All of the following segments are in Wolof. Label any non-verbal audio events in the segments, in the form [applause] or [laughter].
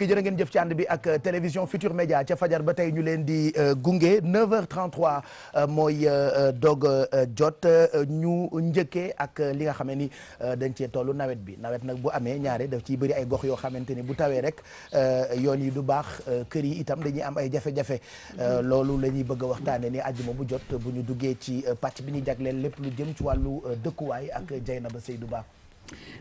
mbokk jërë ngeen jëf ci ànd bi ak euh, télévision Futur Média ca fajar ba tey ñu leen di euh, gunge 9h33 euh, mooy dog jot ñu njëkkee ak li nga xam ni dañ cee tollu nawet bi nawet nag bu amee ñaare daf ciy bëri ay gox yoo xamante ni bu tawee rek yoon yi du baax kër yi itam dañuy am ay jafe-jafe mm-hmm. loolu la ñuy bëgg a waxtaanee ni àjjuma bu jot bu ñu duggee ci pàcc bi ñuy jagleel lépp lu jëm ci wàllu dëkkuwaay ak Dieynaba na Ba. sey du baax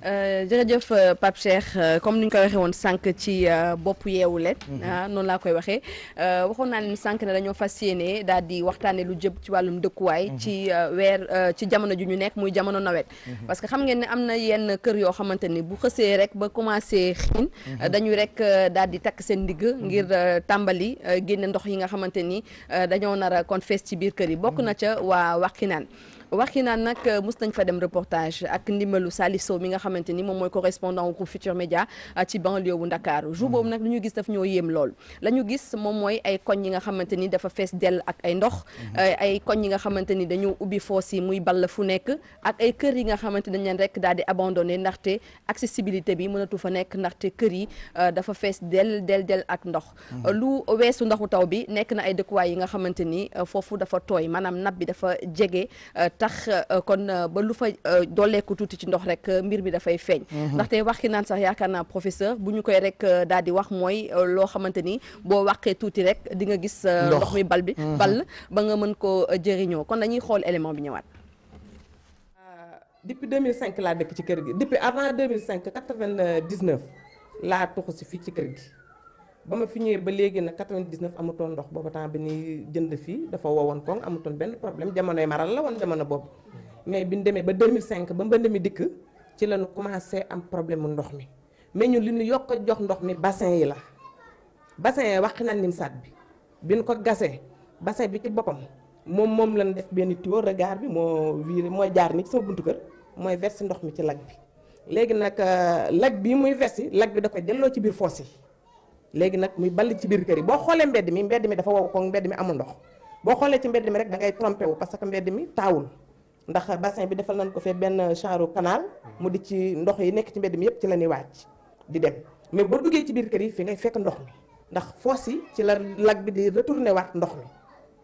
Euh, jërëjëf euh, Pape Cheikh euh, comme ni ñu ko waxee woon sànq ci bopp yeewu leen. Mhm. Ah, noonu laa koy waxee waxoon naa leen sànq ne dañoo fas yéene daal di waxtaanee lu jëm ci wàllum dëkkuwaay. Mhm. ci weer ci jamono ju ñu nekk muy jamono nawet. Mhm. parce que xam ngeen ne am na yenn kër yoo xamante ni bu xësee rek ba commencé xiin. dañuy rek daal di takk seen ndigg ngir tàmbali génne ndox yi nga xamante ni dañoo nar kon fees ci biir kër yi. bokk na ca waa Wakhinane. Wakhinane nag euh, mos nañ fa dem reportage ak ndimbalu Salif mi nga xamante ni moom mooy correspondant au groupe Média euh, ci banlieue wu Ndakaaru jour boobu nag lu ñu gis daf ñoo yem lool la ñu gis moom mooy ay koñ yi nga xamante ni dafa fees dell ak ay ndox mhm. euh, ay koñ yi nga xamante ni dañoo ubbi foos yi muy ball fu nekk ak ay kër yi nga xamante dañ leen rek daal di abandonné ndaxte accessibilité bi mënatu fa nekk ndaxte kër yi dafa fees del del del ak ndox mhm. lu weesu ndoxu taw bi nekk na ay dëkkuwaay yi nga xamante ni foofu dafa tooy maanaam nab bi dafa jege tax euh, kon euh, ba lu fa euh, dolleeku tuuti ci ndox rek mbir mi dafay feeñ mhm. ndaxte wax ki naan sax yaakaar naa professeur bu ñu koy rek daal di wax mooy loo xamante ni boo waxee tuuti rek di nga gis ndox mi bal bi mhm. bal ba nga mën koo jëriñoo kon dañuy xool élément bi ñëwaat depuis 2005 laa dëkk ci kër gi depuis avant 2005 99 laa tuxu si fii ci kër gi ba ma fi ba léegi nag 99 amutoon ndox booba temps bi ni jënd fii dafa wowoon koŋ amutoon benn problème jamonoy maral la woon jamono boobu mais bi ñu demee ba cinq ba mbënd mi dikk ci lan ñu commencé am problème mu ndox mi mais ñun li ñu yokk jox ndox mi bassin yi la bassin wax nañ nim saat bi bi ñu ko gasee bassin bi ci boppam moom moom lañ def benn tuyau regard bi moo viré mooy jaar ni ci sama buntu kër mooy versi ndox mi ci lag bi léegi nag euh, lag bii muy versi lag bi da koy delloo ci biir yi léegi nag muy ball ci biir kër yi boo xoolee mbedd mi mbedd mi dafa wow ko mbedd mi amul ndox boo xoolee ci mbedd mi rek da ngay trompé wu parce que mbedd mi taawul ndax bassin bi defal nañ ko fee benn chaaru canal mu di ci ndox yi nekk ci mbedd mi yëpp ci la ñuy wàcc di dem mais boo duggee ci biir kër yi fi ngay fekk ndox ndax foos yi ci la lag bi di retourné waat ndox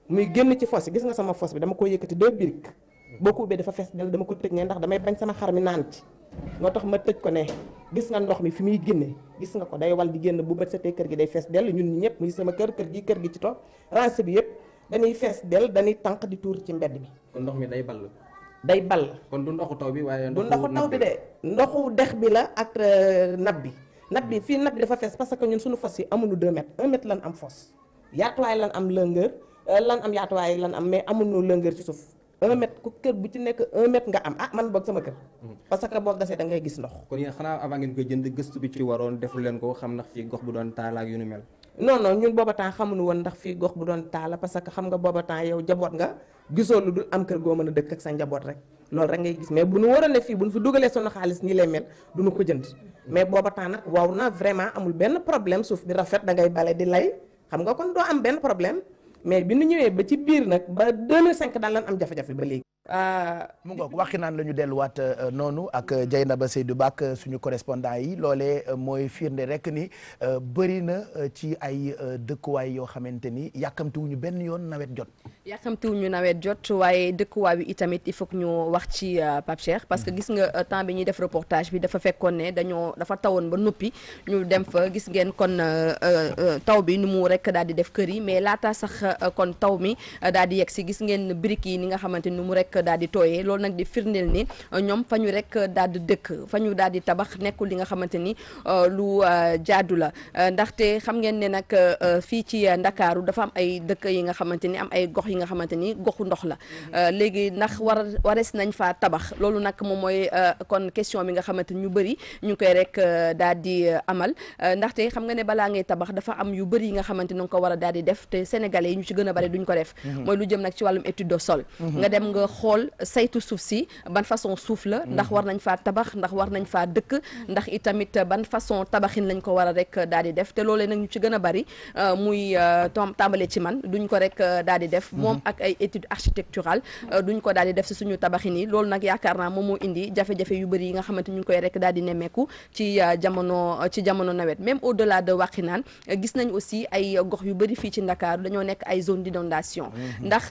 mi muy génn ci foos yi gis nga sama foos bi dama ko yëkkati deux briques boo ko ubbee dafa fees del dama ko tëj ne ndax damay bañ sama xar mi naan ci moo tax ma tëj ko ne gis nga ndox mi fi muy génne gis nga ko day wal di génn bu bët kër gi day fees dell ñun ñi ñëpp muy sama kër kër gi kër gi ci toog ranse bi yëpp dañuy fees dell dañuy tànq di tuur ci mbedd mi ndox mi day ball day ball kon du ndoxu taw bi waaye du ndoxu taw bi de ndoxu dex bi la ak euh, nab bi nab bi fii nab bi dafa fees parce que ñun suñu fos yi amuñu 2 mètres 1 mètre lan am fos yaatuwaay lan am lëngër euh, lan am yaatuwaay lan am mais amuñu lëngër ci suuf un mètre ku kër bu ci nekk un mètre nga am ah man boog sama kër. Mm-hmm. parce que boo gasee da ngay gis ndox. kon yéen xanaa avant ngeen jënd gëstu woon ndax fii gox bu doon taal parce que xam nga booba lu dul am kër goo mën a dëkk ak sa njaboot rek. loolu rek ngay gis mais bu nu waroon ne fii bu nu fi dugalee sunu xaalis nii lay mel du nu ko jënd. Mm-hmm. mais booba temps nag waaw na vraiment amul benn problème suuf bi rafet da ngay bale di lay xam nga kon doo am benn problème mais bi ñu ñëwee ba ci biir nag ba 2005 daal lan am jafe-jafe ba léegi. Euh, mu ngoog waxi lañu la ñu euh, noonu ak euh, Dieynaba Seydou Ba ak suñu correspondant yi loole mooy firnde rek ni bëri na ci ay dëkkuwaay yoo xamante ni yàkkamtiwuñu benn yoon nawet jot. yàkkamtiwuñu nawet jot waaye dëkkuwaay bi itamit il faut ñu wax ci Pape parce que mm-hmm. gis nga temps bi ñuy def reportage bi dafa fekkoon ne dañoo dafa tawoon ba noppi ñu dem fa gis ngeen kon taw bi nu mu rek daal di def kër yi mais laata sax kon taw mi daal di yegg si gis ngeen briques yi ni nga xamante ni mu rek. rek daal di tooyee loolu nag di firndeel ni uh, ñoom fa ñu rek uh, daal di dëkk fa ñu daal di tabax nekkul li nga xamante ni uh, lu jaadu la ndaxte xam ngeen ne nag fii ci ndakaaru dafa am ay dëkk yi nga xamante ni am ay gox yi nga xamante ni goxu ndox la mm-hmm. léegi ndax war warees nañ faa tabax loolu nag moom mooy kon question bi nga xamante ni ñu bëri ñu ngi koy rek daal di amal ndaxte xam nga ne balaa ngay tabax dafa am yu bëri yi nga xamante ni nga ko war a daal def te sénégalais yi ñu ci gën a bari duñ ko def mm-hmm. mooy lu jëm nag ci wàllum étude de sol mm-hmm. nga dem nga xool saytu suuf si ban façon suuf la mhm. ndax war nañ faa tabax ndax war nañ faa dëkk mhm. ndax itamit ban façon tabaxin lañ ko war a rek euh, daal di def te loolee nag ñu ci gën a bari euh, muy euh, tàmbale ci man duñ ko rek daal di def mhm. moom ak ay étude architecturale duñ ko daal di def si suñu tabaxin yi loolu nag yaakaar naa moom moo indi jafe-jafe yu bëri yi nga xamante ñu ngi koy rek daal di nemmeeku ci jamono ci jamono nawet même au delà de naan gis nañ aussi ay gox yu bëri fii ci Ndakaaru dañoo nekk ay zone d'inondation ndax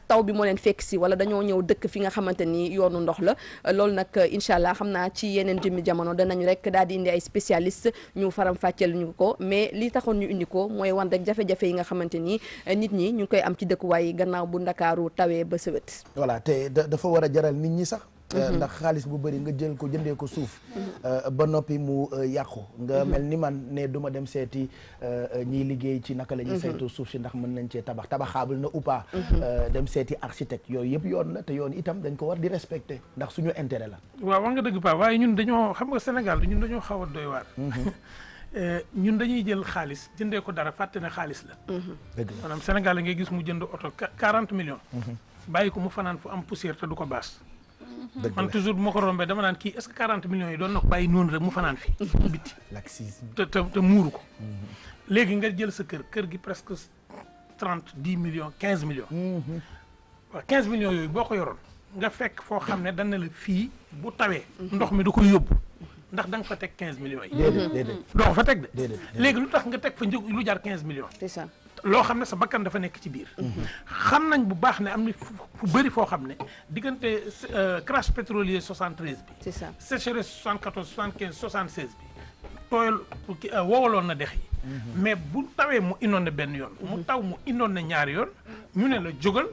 nga xamante ni yoonu ndox la loolu nag incha allah xam naa ci yeneen jëmmi jamono danañu rek daal di indi ay spécialiste ñu faram fàcceel ñu ko mais li taxoon ñu indi ko mooy wan rek jafe-jafe yi nga xamante ni nit ñi ñu ngi koy am ci dëkkuwaay yi gannaaw bu ndakaaru tawee ba sëwët voilà te dafa war a jaral nit ñi sax Euh, mhm. ndax xaalis bu bëri nga jël ko jëndee ko suuf mhm. euh, ba noppi mu euh, yàqu nga mhm. mel ni man ne duma dem seeti ñii liggéey ci naka la ñuy suuf si ndax mën nañ cee tabax tabaxaabul na ou pas dem seeti architecte yooyu yëpp yoon na te yoon itam dañ ko war di respecter ndax suñu intérêt la waaw wax nga dëgg pa waaye ñun dañoo xam nga Sénégal ñun dañoo xaw a doy waar [laughs] ñun dañuy jël xaalis jëndee ko dara fàtte ne xaalis la. dëgg la maanaam Sénégal ngay gis mu jënd oto quarante millions. bàyyi ko mu fanaan fu am poussière te du ko man toujours bu ma ko rombee dama naan kii est-ce que 40 millions yi doon na ko bàyyi noonu rek mu fanaan fi [laughs] bitti te te te muuru ko mm-hmm. léegi nga jël sa kër kër gi presque 30 10 million quinze millions mm-hmm. waaw 15 millions yooyu boo ko yoroon nga fekk foo xam ne dana la fii bu tawee mm-hmm. ndox mi da koy yóbbu ndax da nga fa teg 15 millions yi doo ko fa teg de léegi lu tax nga teg fa njëg lu jar 15 millions loo xam ne sa bakkan dafa nekk ci biir xam nañ bu baax ne am na fu bëri foo xam ne diggante euh, crash pétrolier 73 bi c'est ça sécheresse 74 75 76 bi tooyal euh, wowaloon na dex yi mhm. mais bu tawee mu indoon na benn yoon mu mhm. taw mu indoon na ñaari yoon ñu ne la jógal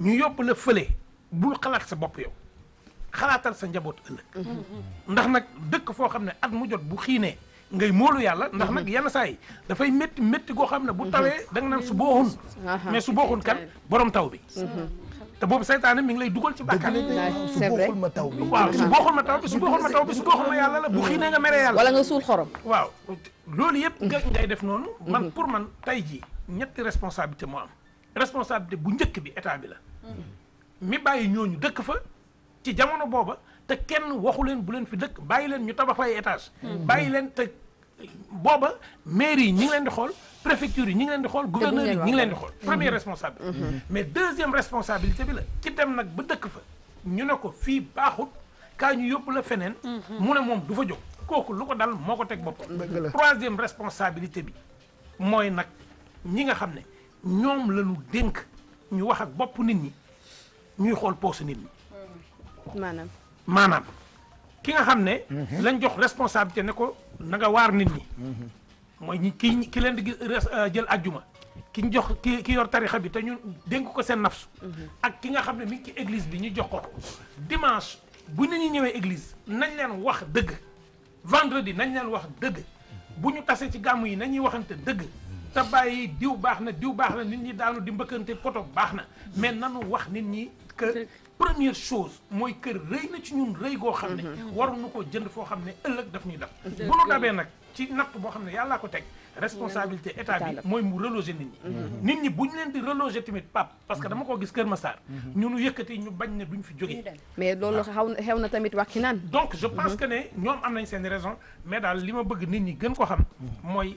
ñu yóbbu la fële bul xalaat sa bopp yow xalaatal sa njaboot ëllëg mhm. ndax nag dëkk foo xam ne at mu jot bu xiinee ngay moolu yàlla ndax mhm. nag yenn saa yi dafay métti métti goo xam ne bu mhm. tawee danga nga naan su booxun mais su booxun kan borom taw bi mhm. te boobu saytaane mi ngi lay dugal ci bàkkaar su booxul ma taw bi waaw su booxul ma taw bi su booxul ma taw bi su booxul ma yàlla la bu xiinee nga mere yàlla wala nga suul xorom waaw loolu yëpp nga ngay def noonu man pour man tey jii ñetti responsabilité moo am responsabilité bu njëkk bi état bi la mi bàyyi ñooñu dëkk fa ci jamono booba te kenn waxu leen bu leen fi dëkk bàyyi leen ñu tabax ay étage bàyyi leen te booba mairie yi ñi ngi leen di xool préfecture yi ñi ngi leen di xool gouverneur yi ngi leen di xool première responsabilité mm-hmm. mm-hmm. mais deuxième responsabilité bi la ci dem nag ba dëkk fa ñu ne ko fii baaxut kaa ñu yóbbu la feneen mm-hmm. mu ne moom du fa jóg kooku lu ko dal moo ko teg boppam troisième responsabilité bi mooy nag ñi nga xam ne ñoom lañu dénk ñu wax ak boppu nit ñi ñuy xool poos nit ñi maanaam maanaam ki nga xam ne. Mhm. lañ jox responsabilité ne ko na nga waar nit ñi. Mhm. mooy ñi ki ki leen di euh, jël ajjuma ki ñu jox ki ki yor tarixa bi te ñu dénk ko seen nafsu. Mhm. ak ki nga xam ne mi ngi ci église bi ñu jox ko dimanche bu ñu ñëwee église nañ leen wax dëgg vendredi nañ leen wax dëgg bu ñu tasee ci gàmm yi nañuy waxante dëgg. te bàyyi diw baax na diw baax na nit ñi daanu di mbëkkante poto baax na mais nanu wax nit ñi que première chose mooy kër rëy na ci ñun rëy goo xam ne mm-hmm. Mm-hmm. waruñu ko jënd foo xam ne ëllëg daf ñuy daf bu nu dabee nag ci natt boo xam ne yàllaa ko teg responsabilité état bi mooy mu reloger nit ñi mm-hmm. nit ñi bu ñu leen di reloger tamit pap parce que dama koo gis Kër Massar ñu nu yëkkati ñu bañ ne duñ fi jógee mais loolu xaw na xew na tamit wax ci naan donc que ne ñoom am nañ seen raison mais daal li ma bëgg nit ñi gën ko xam mooy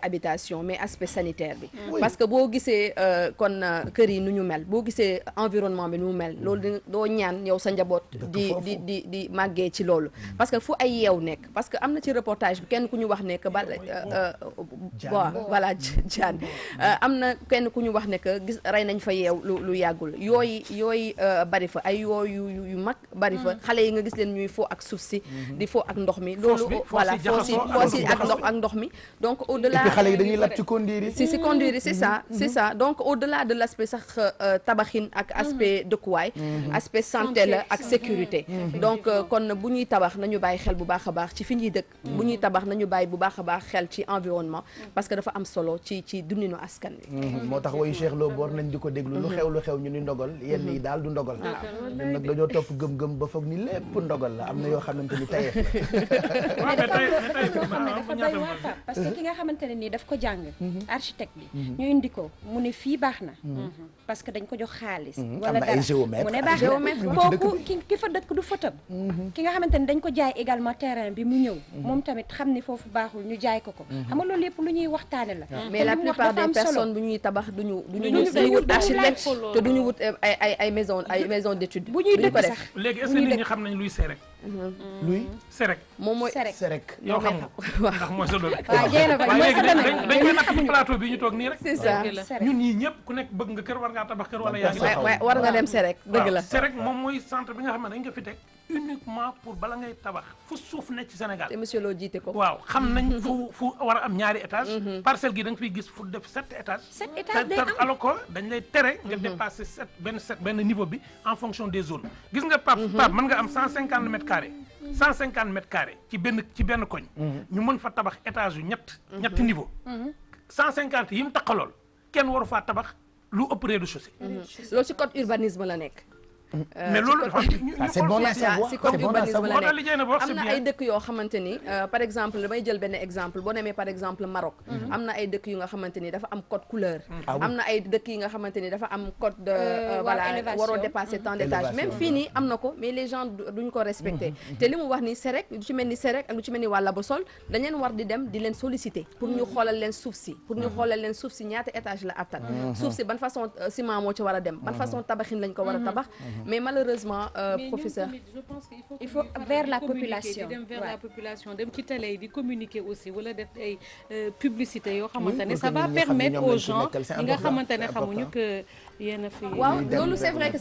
habitation mais aspect sanitaire bi. parce que boo gisee euh, kon euh, kër yi nu ñu mel boo gisee environnement bi nu mu mel loolu doo ñaan yow sa njaboot. di di di di màggee ci loolu. Mm. parce que fu ay yeew nekk parce que am na ci reportage kenn ku ñu wax ne que ba. waaw euh, voilà mm. jaan am na kenn ku ñu wax ne que gis rey nañ fa yeew lu lu yàggul yooyu yooyu bari fa ay yooyu yu mag bari fa mm. xale yi nga gis leen ñuy foo ak suuf si. Mm-hmm. di foo ak ndox mi. loolu voilà foo si foo si ak ndox mi donc au delà. xale yi dañuy lab ci conduire yi. si si conduire yi c'est ça mm-hmm. c'est donc au-delà de l'aspect sax euh, tabaxin ak mm-hmm. aspect dëkkuwaay. Mm-hmm. aspect santé la ak sécurité. donc euh, kon bu ñuy tabax nañu bàyyi xel bu baax a baax ci fi ñuy dëkk. bu ñuy tabax nañu bàyyi bu baax a baax xel ci environnement. parce que dafa am solo ci ci dundinu askan wi. moo tax wayu Cheikh Lo bor nañ di ko déglu lu xew lu xew ñu ni ndogal yenn yi daal du ndogal. Ah. ñun nag dañoo topp gëm-gëm ba foog ni lépp ndogal la am yoo xamante ni tayee. [laughs] ni daf ko jàng mhm. architecte bi mhm. ñu indi ko mu ne fii baax na mhm. parce que dañ ko jox xaalis wala dara mu ne baax na kooku ki ki fa du fëtëb ki nga xamante ni dañ ko jaay également terrain bi mu ñëw moom tamit xam ni foofu baaxul ñu jaay ko ko xam nga loolu yépp lu ñuy waxtaane la mais la plupart des personnes bu ñuy tabax duñu ñu wut architecte te duñu wut euh, ay ay ay maison ay maison d'étude bu ñuy dëkk sax léegi est-ce que xam nañ luy see Mm. luy. serek moom mooy serek. yow xam nga ndax mooy sa doole. waaw jéem a bañ mooy sa doole bi ñu toog nii rek. c'est ça ñun ñii ñëpp ku nekk bëgg nga kër war ngaa tabax kër wala yaa ngi. war nga dem serek dëgg la serek moom mooy centre bi nga xam ne dañ ko fi teg uniquement pour bala ngay tabax fu suuf ne ci Sénégal. te ko. waaw xam nañ mm-hmm. fu fu war a am ñaari étage mm-hmm. parcelle gi da nga fiy gis fu def sept étages. sept étages day am alors que dañ lay tere. nga mm-hmm. dépasser sept benn sept benn niveau bi en fonction des zones. gis nga pap pap mën nga am cent cinquante mètres carrés. ci benn ci benn koñ. ñu mën fa tabax étage yu ñett. ñetti niveau. cent cinquante yi mu lool kenn waru faa tabax lu ëpp rez-de-chaussée. ci code urbanisme la nekk. Euh, mais loolu c'est bon à la nekk yoo xamante ni euh, par exemple damay jël benn exemple boo demee par exemple Maroc mhm. am na ay dëkk yu nga xamante ni dafa am code couleur mhm. ah am na ay dëkk yi nga xamante ni dafa am code de euh, voilà waroo dépasser mhm. tant d'étage même fii nii am na ko mais les gens duñ ko respecté te li mu wax ni serek lu mel ni serek ak ci mel ni wàlla ba sol dañ leen war di dem di leen pour ñu xoolal leen suuf si pour ñu xoolal leen suuf si ñaata étage la attan suuf si ban façon ciment moo ci war a dem ban façon tabaxin lañ ko war a tabax Mm-hmm. mais malheureusement euh, mais professeur mais je pense que il faut vers la population dem ci télé yi di communiquer aussi wala def ay euh, publicité yoo xamante ne ça va permettre aux gens ñi nga xamante ne xamuñu que yéen fi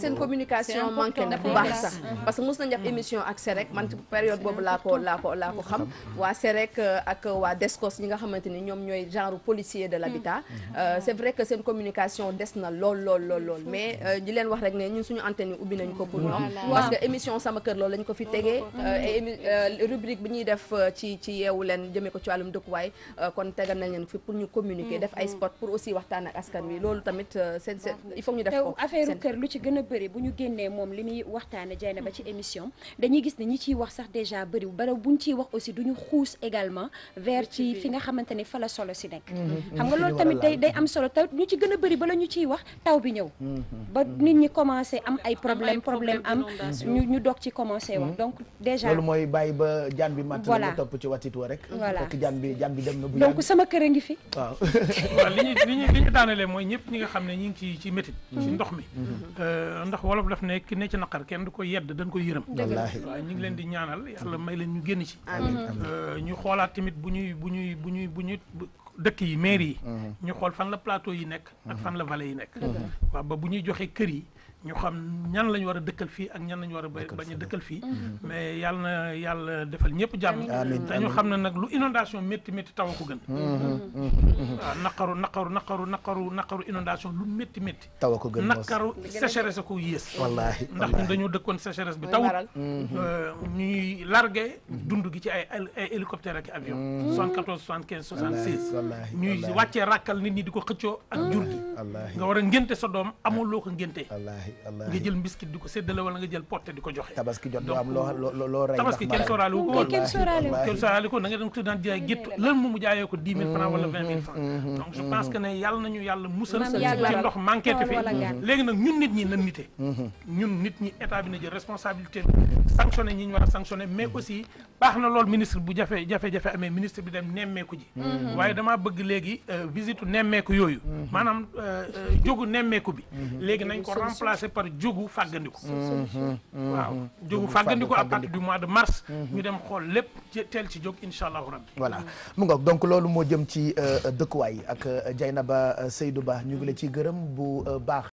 seen communication manqué na bu baax sax parce que mos nañ def mm-hmm. émission ak CEREC man ci mm-hmm. période boobu laa ko laa ko laa ko xam waa CEREC ak waa DESCOS ñi nga xamante ni ñoom ñooy genre policier de l'habitat euh, c'est vrai que seen communication des na lool lool lool mais euh, di leen wax rek ne ubbi nañ ko pour ñoom parce que émission sama kër loolu lañ ko fi tegee euh, euh, rubrique bi ñuy def euh, ci ci yeewu leen jëmee ko ci wàllum dëkkuwaay kon tegal nañ leen fi pour ñu communiquer mm-hmm. def ay spot pour aussi waxtaan ak askan wi mm-hmm. loolu tamit seen seen il faut ñu def ko affaire kër lu ci gën a bëri bu ñu génnee moom li muy waxtaane jay na ba ci mm-hmm. émission dañuy gis ne ñi ciy wax sax déjà bëri bara buñ ciy wax aussi duñu xuus également vers ci fi nga xamante ne fa la solo si nekk xam nga loolu tamit day day am solo taw ñu ci gën a bëri bala ñu ciy wax taw bi ñëw ba problème problème am ñu ñu doog ci commencé wax mm-hmm. donc déjà loolu mooy bàyyi ba jaan bi matt voilà topp ci watit wa rek voilà fekk jaan bi jaan na bu donc sama kër a ngi fi waaw [laughs] waaw li ñu li ñu li ñu mooy ñëpp ñi nga xam ne ñu ngi ci ci métit ci mm-hmm. ndox mi mm-hmm. euh, ndax wolof daf ne ki ne ci naqar kenn du ko yedd dañ koy yërëm waaw ñu ngi leen di ñaanal yàlla may leen ñu génn ci euh, ñu xoolaat tamit bu ñuy bu ñuy bu ñuy bu ñuy dëkk yi maire yi ñu xool fan la plateau yi nekk ak fan la vallée yi nekk waaw ba bu ñuy joxee kër yi ñu xam ñan lañu war a dëkkal fii ak ñan lañu war a bañ a dëkkal fii mhm. mais yàlla na yàlla defal ñëpp jàmm te ñu xam na nag lu inondation métti métti taw a ko gën waaw mhm. mhm. ah, naqaru naqaru naqaru naqaru naqaru inondation lu métti métti taw ko gën naqaru sécheresse a ko yées wallaahi ndax ñun dañoo dëkkoon sécheresse bi tawut euh, ñuy largué dund gi ci ay ay hélicoptère ak avion soixante quatorze soixante quinze soixante seize ñuy wàccee ràkkal nit ñi di ko xëccoo ak jur gi nga war a ngénte sa doom amul loo ko ngénte nga jël mbiskit di ko séddale wala nga jël potte di ko joxe tabaski jot nga am wu ko kenn sóoraale ko da dem ko daan jaay gétt lan mu jaayee ko dix mille francs wala vingt mm-hmm, mm-hmm, pense mm-hmm. que ne yàlla nañu yàlla musal ci ndox manqué te fi léegi nag ñun nit ñi nan nite ñun nit ñi état bi na jël responsabilité sanctionné ñi ñu war a sanctionné mais aussi baax na lool ministre bu jafe jafe amee Euh, jógu nemmeeku bi. Mhm. léegi nañ ko remplacer par jógu fàggandiku. Mhm. Mhm. waaw jógu fàggandiku à partir du mois de mars. ñu dem xool lépp teel ci jog incha allahu rabbi. voilà mu ngoog donc loolu moo jëm ci euh, dëkkuwaay ak jay euh, na Ba seydu ñu ngi la ci gërëm bu baax.